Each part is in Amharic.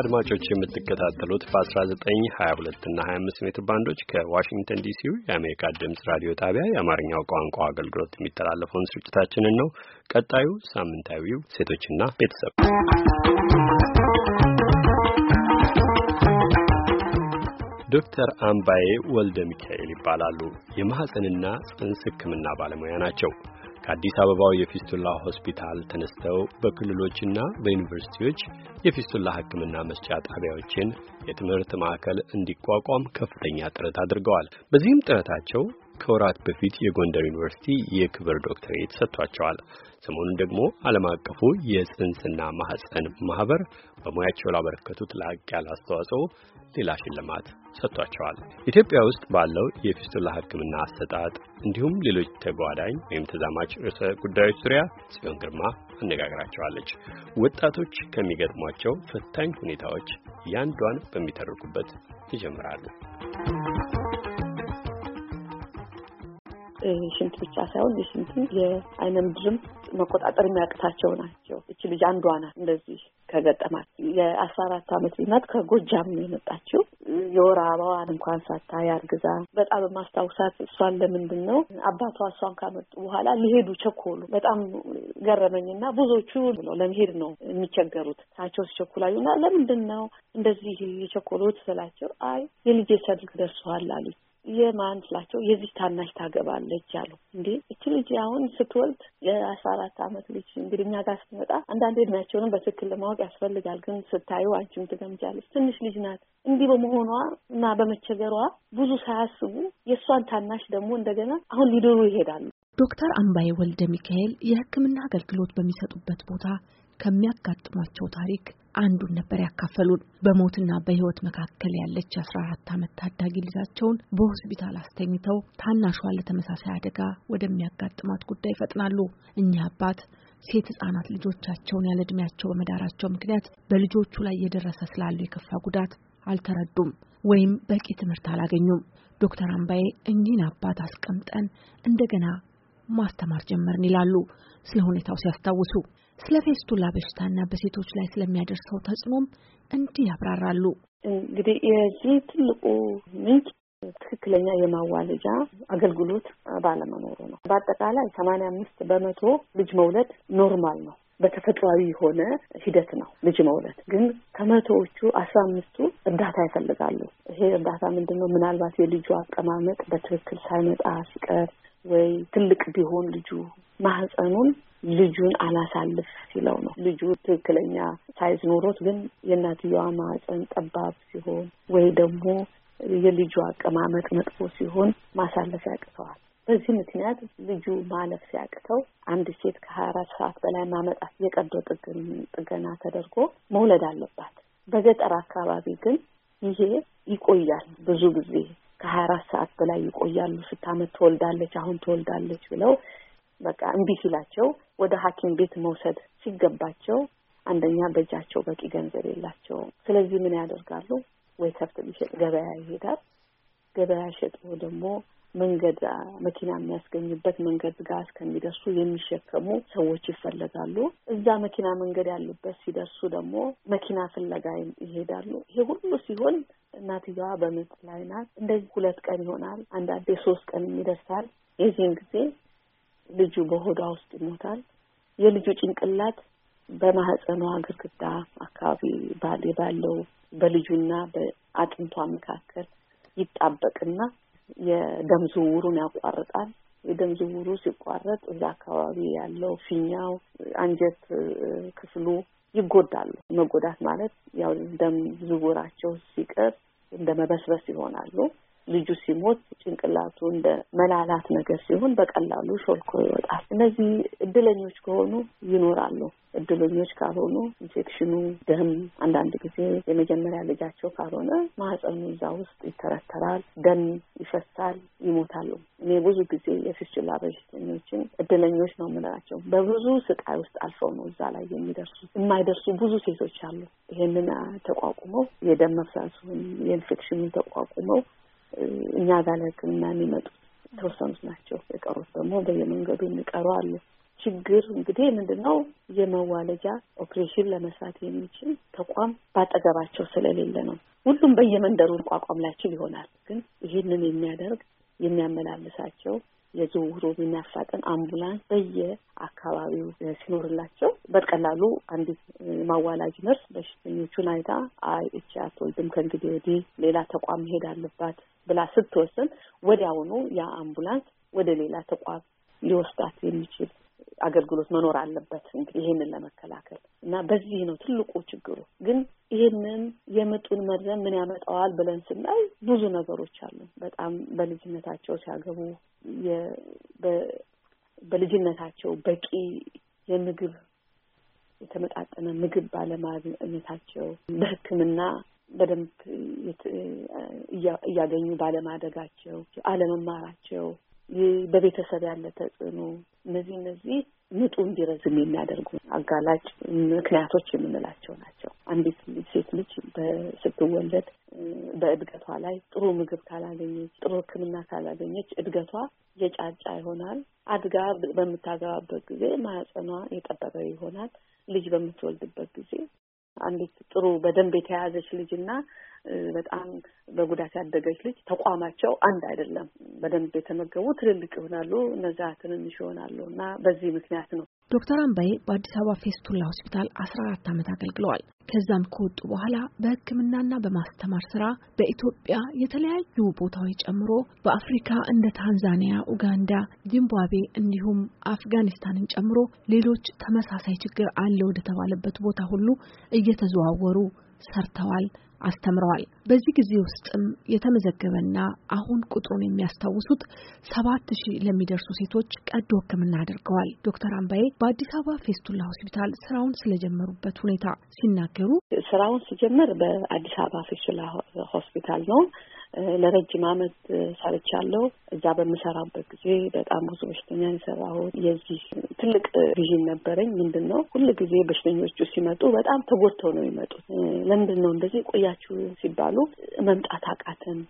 አድማጮች የምትከታተሉት በ1922 እና 25 ሜትር ባንዶች ከዋሽንግተን ዲሲው የአሜሪካ ድምፅ ራዲዮ ጣቢያ የአማርኛው ቋንቋ አገልግሎት የሚተላለፈውን ስርጭታችንን ነው። ቀጣዩ ሳምንታዊው ሴቶችና ቤተሰብ ዶክተር አምባዬ ወልደ ሚካኤል ይባላሉ። የማህፀንና ጽንስ ሕክምና ባለሙያ ናቸው። ከአዲስ አበባው የፊስቱላ ሆስፒታል ተነስተው በክልሎችና በዩኒቨርሲቲዎች የፊስቱላ ሕክምና መስጫ ጣቢያዎችን የትምህርት ማዕከል እንዲቋቋም ከፍተኛ ጥረት አድርገዋል። በዚህም ጥረታቸው ከወራት በፊት የጎንደር ዩኒቨርሲቲ የክብር ዶክትሬት ሰጥቷቸዋል። ሰሞኑን ደግሞ ዓለም አቀፉ የጽንስና ማህፀን ማህበር በሙያቸው ላበረከቱት ላቅ ያለ አስተዋጽኦ ሌላ ሽልማት ሰጥቷቸዋል። ኢትዮጵያ ውስጥ ባለው የፊስቱላ ሕክምና አሰጣጥ እንዲሁም ሌሎች ተጓዳኝ ወይም ተዛማች ርዕሰ ጉዳዮች ዙሪያ ጽዮን ግርማ አነጋግራቸዋለች። ወጣቶች ከሚገጥሟቸው ፈታኝ ሁኔታዎች ያንዷን በሚተርኩበት ይጀምራሉ። ሽንት ብቻ ሳይሆን የሽንትም የአይነ ምድርም መቆጣጠር የሚያቅታቸው ናቸው። እች ልጅ አንዷ ናት እንደዚህ ከገጠማት። የአስራ አራት ዓመት ልጅ ከጎጃም ነው የመጣችው። የወር አበባዋን እንኳን ሳታይ አርግዛ በጣም ማስታውሳት። እሷን ለምንድን ነው አባቷ እሷን ካመጡ በኋላ ሊሄዱ ቸኮሉ። በጣም ገረመኝ ገረመኝና ብዙዎቹ ነው ለመሄድ ነው የሚቸገሩት ሲቸኩላዩ ሲቸኩላዩና ለምንድን ነው እንደዚህ የቸኮሉት ስላቸው አይ የልጄ ሰርግ ደርሰዋል አሉኝ። የማን ስላቸው የዚህ ታናሽ ታገባለች አሉ። እንዴ እቺ ልጅ አሁን ስትወልድ የአስራ አራት አመት ልጅ እንግዲህ እኛ ጋር ስትመጣ አንዳንድ እድሜያቸውንም በትክክል ለማወቅ ያስፈልጋል። ግን ስታዩ አንቺም ትገምጃለች ትንሽ ልጅ ናት። እንዲህ በመሆኗ እና በመቸገሯ ብዙ ሳያስቡ የእሷን ታናሽ ደግሞ እንደገና አሁን ሊድሩ ይሄዳሉ። ዶክተር አምባዬ ወልደ ሚካኤል የሕክምና አገልግሎት በሚሰጡበት ቦታ ከሚያጋጥሟቸው ታሪክ አንዱን ነበር ያካፈሉን። በሞትና በህይወት መካከል ያለች አስራ አራት ዓመት ታዳጊ ልጃቸውን በሆስፒታል አስተኝተው ታናሿ ለተመሳሳይ አደጋ ወደሚያጋጥማት ጉዳይ ይፈጥናሉ። እኚህ አባት ሴት ህጻናት ልጆቻቸውን ያለ በመዳራቸው ምክንያት በልጆቹ ላይ እየደረሰ ስላሉ የከፋ ጉዳት አልተረዱም ወይም በቂ ትምህርት አላገኙም። ዶክተር አምባዬ እኚህን አባት አስቀምጠን እንደገና ማስተማር ጀመርን ይላሉ ስለ ሁኔታው ሲያስታውሱ ስለ ፌስቱላ በሽታና በሴቶች ላይ ስለሚያደርሰው ተጽዕኖም እንዲህ ያብራራሉ። እንግዲህ የዚህ ትልቁ ምንጭ ትክክለኛ የማዋለጃ አገልግሎት ባለመኖሩ ነው። በአጠቃላይ ሰማንያ አምስት በመቶ ልጅ መውለድ ኖርማል ነው፣ በተፈጥሯዊ የሆነ ሂደት ነው ልጅ መውለድ። ግን ከመቶዎቹ አስራ አምስቱ እርዳታ ይፈልጋሉ። ይሄ እርዳታ ምንድን ነው? ምናልባት የልጁ አቀማመጥ በትክክል ሳይመጣ ሲቀር ወይ ትልቅ ቢሆን ልጁ ማህፀኑን ልጁን አላሳልፍ ሲለው ነው። ልጁ ትክክለኛ ሳይዝ ኖሮት ግን የእናትየዋ ማህፀን ጠባብ ሲሆን ወይ ደግሞ የልጁ አቀማመጥ መጥፎ ሲሆን ማሳለፍ ያቅተዋል። በዚህ ምክንያት ልጁ ማለፍ ሲያቅተው አንድ ሴት ከሀያ አራት ሰዓት በላይ ማመጣት የቀዶ ጥገና ተደርጎ መውለድ አለባት። በገጠር አካባቢ ግን ይሄ ይቆያል። ብዙ ጊዜ ከሀያ አራት ሰዓት በላይ ይቆያሉ። ስታመት ትወልዳለች፣ አሁን ትወልዳለች ብለው በቃ እምቢ ሲላቸው ወደ ሐኪም ቤት መውሰድ ሲገባቸው አንደኛ በእጃቸው በቂ ገንዘብ የላቸውም። ስለዚህ ምን ያደርጋሉ? ወይ ከብት ሊሸጥ ገበያ ይሄዳል። ገበያ ሸጦ ደግሞ መንገድ መኪና የሚያስገኝበት መንገድ ጋር እስከሚደርሱ የሚሸከሙ ሰዎች ይፈለጋሉ። እዛ መኪና መንገድ ያሉበት ሲደርሱ ደግሞ መኪና ፍለጋ ይሄዳሉ። ይሄ ሁሉ ሲሆን እናትየዋ በምጥ ላይ ናት። እንደዚህ ሁለት ቀን ይሆናል፣ አንዳንዴ ሶስት ቀን ይደርሳል። የዚህን ጊዜ ልጁ በሆዷ ውስጥ ይሞታል። የልጁ ጭንቅላት በማህፀኗ ግርግዳ አካባቢ ባለው በልጁና በአጥንቷ መካከል ይጣበቅና የደም ዝውውሩን ያቋርጣል። የደም ዝውውሩ ሲቋረጥ እዛ አካባቢ ያለው ፊኛው፣ አንጀት ክፍሉ ይጎዳሉ። መጎዳት ማለት ያው ደም ዝውውራቸው ሲቀር እንደ መበስበስ ይሆናሉ። ልጁ ሲሞት ጭንቅላቱ እንደ መላላት ነገር ሲሆን በቀላሉ ሾልኮ ይወጣል። እነዚህ እድለኞች ከሆኑ ይኖራሉ። እድለኞች ካልሆኑ ኢንፌክሽኑ ደም፣ አንዳንድ ጊዜ የመጀመሪያ ልጃቸው ካልሆነ ማህፀኑ እዛ ውስጥ ይተረተራል፣ ደም ይፈሳል፣ ይሞታሉ። እኔ ብዙ ጊዜ የፊስቱላ በሽተኞችን እድለኞች ነው የምንላቸው በብዙ ስቃይ ውስጥ አልፈው ነው እዛ ላይ የሚደርሱ። የማይደርሱ ብዙ ሴቶች አሉ። ይህንን ተቋቁመው የደም መፍሳሱን የኢንፌክሽኑን ተቋቁመው እኛ ጋር ለሕክምና የሚመጡት የተወሰኑት ናቸው። የቀሩት ደግሞ በየመንገዱ የሚቀሩ አሉ። ችግር እንግዲህ ምንድን ነው የመዋለጃ ኦፕሬሽን ለመስራት የሚችል ተቋም ባጠገባቸው ስለሌለ ነው። ሁሉም በየመንደሩ ቋቋም ላይችል ይሆናል፣ ግን ይህንን የሚያደርግ የሚያመላልሳቸው የዝውውሩ የሚያፋጥን አምቡላንስ በየአካባቢው ሲኖርላቸው በቀላሉ አንዲት ማዋላጅ ነርስ በሽተኞቹን አይታ አይ እቺ አትወልድም ከእንግዲህ ወዲህ ሌላ ተቋም መሄድ አለባት ብላ ስትወስን ወዲያውኑ ያ አምቡላንስ ወደ ሌላ ተቋም ሊወስዳት የሚችል አገልግሎት መኖር አለበት። እንግዲህ ይህንን ለመከላከል እና በዚህ ነው ትልቁ ችግሩ። ግን ይህንን የምጡን መድረም ምን ያመጣዋል ብለን ስናይ ብዙ ነገሮች አሉ። በጣም በልጅነታቸው ሲያገቡ በልጅነታቸው በቂ የምግብ የተመጣጠነ ምግብ ባለማግኘታቸው በሕክምና በደንብ እያገኙ ባለማደጋቸው፣ አለመማራቸው በቤተሰብ ያለ ተጽዕኖ፣ እነዚህ እነዚህ ምጡ እንዲረዝም የሚያደርጉ አጋላጭ ምክንያቶች የምንላቸው ናቸው። አንዲት ሴት ልጅ ስትወለድ በእድገቷ ላይ ጥሩ ምግብ ካላገኘች፣ ጥሩ ሕክምና ካላገኘች እድገቷ የጫጫ ይሆናል። አድጋ በምታገባበት ጊዜ ማህፀኗ የጠበበ ይሆናል። ልጅ በምትወልድበት ጊዜ አንዲት ጥሩ በደንብ የተያዘች ልጅ እና በጣም በጉዳት ያደገች ልጅ ተቋማቸው አንድ አይደለም። በደንብ የተመገቡ ትልልቅ ይሆናሉ፣ እነዛ ትንንሽ ይሆናሉ እና በዚህ ምክንያት ነው ዶክተር አምባዬ በአዲስ አበባ ፌስቱላ ሆስፒታል 14 ዓመት አገልግለዋል። ከዛም ከወጡ በኋላ በሕክምናና በማስተማር ስራ በኢትዮጵያ የተለያዩ ቦታዎች ጨምሮ በአፍሪካ እንደ ታንዛኒያ፣ ኡጋንዳ፣ ዚምባብዌ እንዲሁም አፍጋኒስታንን ጨምሮ ሌሎች ተመሳሳይ ችግር አለ ወደ ተባለበት ቦታ ሁሉ እየተዘዋወሩ ሰርተዋል። አስተምረዋል። በዚህ ጊዜ ውስጥም የተመዘገበና አሁን ቁጥሩን የሚያስታውሱት ሰባት ሺህ ለሚደርሱ ሴቶች ቀዶ ሕክምና አድርገዋል። ዶክተር አምባዬ በአዲስ አበባ ፌስቱላ ሆስፒታል ስራውን ስለጀመሩበት ሁኔታ ሲናገሩ ስራውን ሲጀመር በአዲስ አበባ ፌስቱላ ሆስፒታል ነው ለረጅም አመት ሰርቻለሁ። እዛ በምሰራበት ጊዜ በጣም ብዙ በሽተኛ የሰራሁት የዚህ ትልቅ ቪዥን ነበረኝ። ምንድን ነው ሁል ጊዜ በሽተኞቹ ሲመጡ በጣም ተጎድተው ነው የሚመጡት። ለምንድን ነው እንደዚህ ቆያችሁ ሲባሉ መምጣት አቃተን፣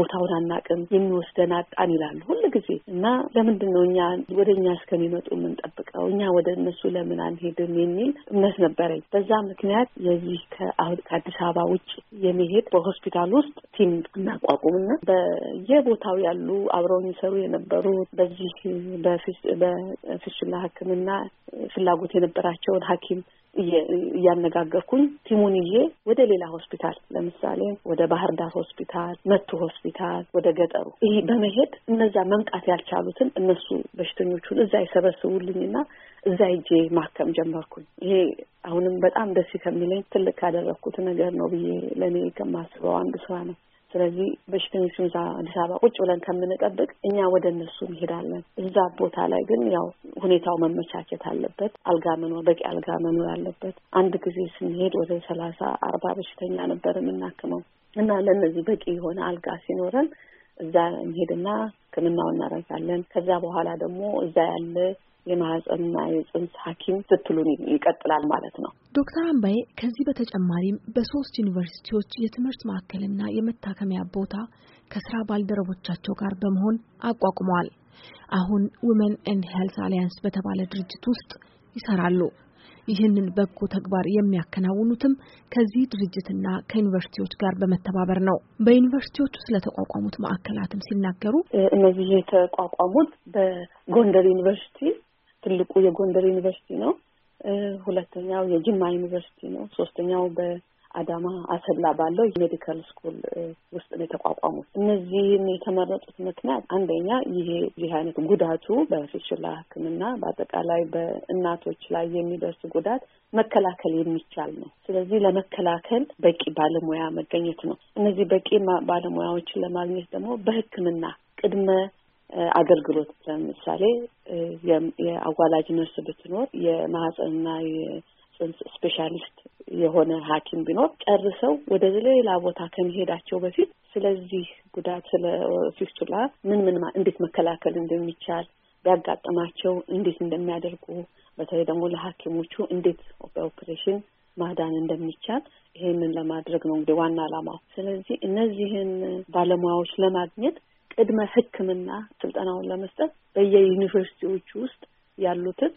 ቦታውን አናቅም፣ የሚወስደን አጣን ይላሉ ሁል ጊዜ እና ለምንድን ነው እኛ ወደ እኛ እስከሚመጡ የምንጠብቀው እኛ ወደ እነሱ ለምን አንሄድም የሚል እምነት ነበረኝ። በዛ ምክንያት የዚህ ከአዲስ አበባ ውጭ የመሄድ በሆስፒታል ውስጥ ቲም እናቋቁምና በየቦታው ያሉ አብረውን ይሰሩ የነበሩ በዚህ በፍሽላ ሕክምና ፍላጎት የነበራቸውን ሐኪም እያነጋገርኩኝ ቲሙን ይዤ ወደ ሌላ ሆስፒታል ለምሳሌ ወደ ባህር ዳር ሆስፒታል፣ መቱ ሆስፒታል፣ ወደ ገጠሩ ይህ በመሄድ እነዛ መምጣት ያልቻሉትን እነሱ በሽተኞቹን እዛ ይሰበስቡልኝና እዛ ሄጄ ማከም ጀመርኩኝ። ይሄ አሁንም በጣም ደስ ከሚለኝ ትልቅ ካደረግኩት ነገር ነው ብዬ ለእኔ ከማስበው አንዱ ስራ ነው። ስለዚህ በሽተኞቹን እዛ አዲስ አበባ ቁጭ ብለን ከምንጠብቅ እኛ ወደ እነሱ እንሄዳለን። እዛ ቦታ ላይ ግን ያው ሁኔታው መመቻቸት አለበት። አልጋ መኖር፣ በቂ አልጋ መኖር አለበት። አንድ ጊዜ ስንሄድ ወደ ሰላሳ አርባ በሽተኛ ነበር የምናክመው እና ለእነዚህ በቂ የሆነ አልጋ ሲኖረን እዛ እንሄድና ሕክምናው እናረጋለን። ከዛ በኋላ ደግሞ እዛ ያለ የማህፀንና የጽንስ ሐኪም ስትሉን ይቀጥላል ማለት ነው። ዶክተር አምባዬ ከዚህ በተጨማሪም በሶስት ዩኒቨርሲቲዎች የትምህርት ማዕከልና የመታከሚያ ቦታ ከስራ ባልደረቦቻቸው ጋር በመሆን አቋቁመዋል። አሁን ውመን ኤንድ ሄልስ አሊያንስ በተባለ ድርጅት ውስጥ ይሰራሉ። ይህንን በጎ ተግባር የሚያከናውኑትም ከዚህ ድርጅትና ከዩኒቨርሲቲዎች ጋር በመተባበር ነው። በዩኒቨርሲቲዎቹ ስለተቋቋሙት ማዕከላትም ሲናገሩ እነዚህ የተቋቋሙት በጎንደር ዩኒቨርሲቲ ትልቁ የጎንደር ዩኒቨርሲቲ ነው። ሁለተኛው የጅማ ዩኒቨርሲቲ ነው። ሶስተኛው በአዳማ አሰላ ባለው ሜዲካል ስኩል ውስጥ ነው የተቋቋሙት። እነዚህን የተመረጡት ምክንያት አንደኛ ይሄ ይህ አይነት ጉዳቱ በፊሽላ ሕክምና በአጠቃላይ በእናቶች ላይ የሚደርስ ጉዳት መከላከል የሚቻል ነው። ስለዚህ ለመከላከል በቂ ባለሙያ መገኘት ነው። እነዚህ በቂ ባለሙያዎችን ለማግኘት ደግሞ በሕክምና ቅድመ አገልግሎት ለምሳሌ የአዋላጅ ነርስ ብትኖር የማህፀንና የጽንስ ስፔሻሊስት የሆነ ሐኪም ቢኖር ጨርሰው ወደ ሌላ ቦታ ከመሄዳቸው በፊት ስለዚህ ጉዳት ስለ ፊስቱላ ምን ምን እንዴት መከላከል እንደሚቻል ቢያጋጥማቸው እንዴት እንደሚያደርጉ በተለይ ደግሞ ለሐኪሞቹ እንዴት በኦፕሬሽን ማዳን እንደሚቻል ይሄንን ለማድረግ ነው እንግዲህ ዋና ዓላማው። ስለዚህ እነዚህን ባለሙያዎች ለማግኘት ቅድመ ሕክምና ስልጠናውን ለመስጠት በየዩኒቨርሲቲዎቹ ውስጥ ያሉትን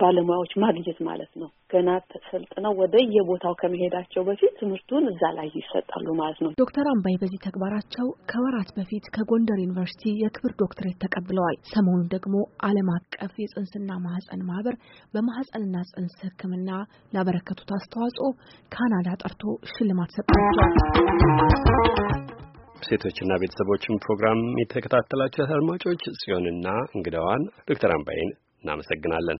ባለሙያዎች ማግኘት ማለት ነው። ገና ተሰልጥነው ወደ የቦታው ከመሄዳቸው በፊት ትምህርቱን እዛ ላይ ይሰጣሉ ማለት ነው። ዶክተር አምባይ በዚህ ተግባራቸው ከወራት በፊት ከጎንደር ዩኒቨርሲቲ የክብር ዶክትሬት ተቀብለዋል። ሰሞኑን ደግሞ ዓለም አቀፍ የጽንስና ማህፀን ማህበር በማህፀንና ጽንስ ሕክምና ላበረከቱት አስተዋጽኦ ካናዳ ጠርቶ ሽልማት ሰጥቷቸዋል። ሴቶችና ቤተሰቦችን ፕሮግራም የተከታተላችሁ አድማጮች ጽዮንና እንግዳዋን ዶክተር አምባይን እናመሰግናለን።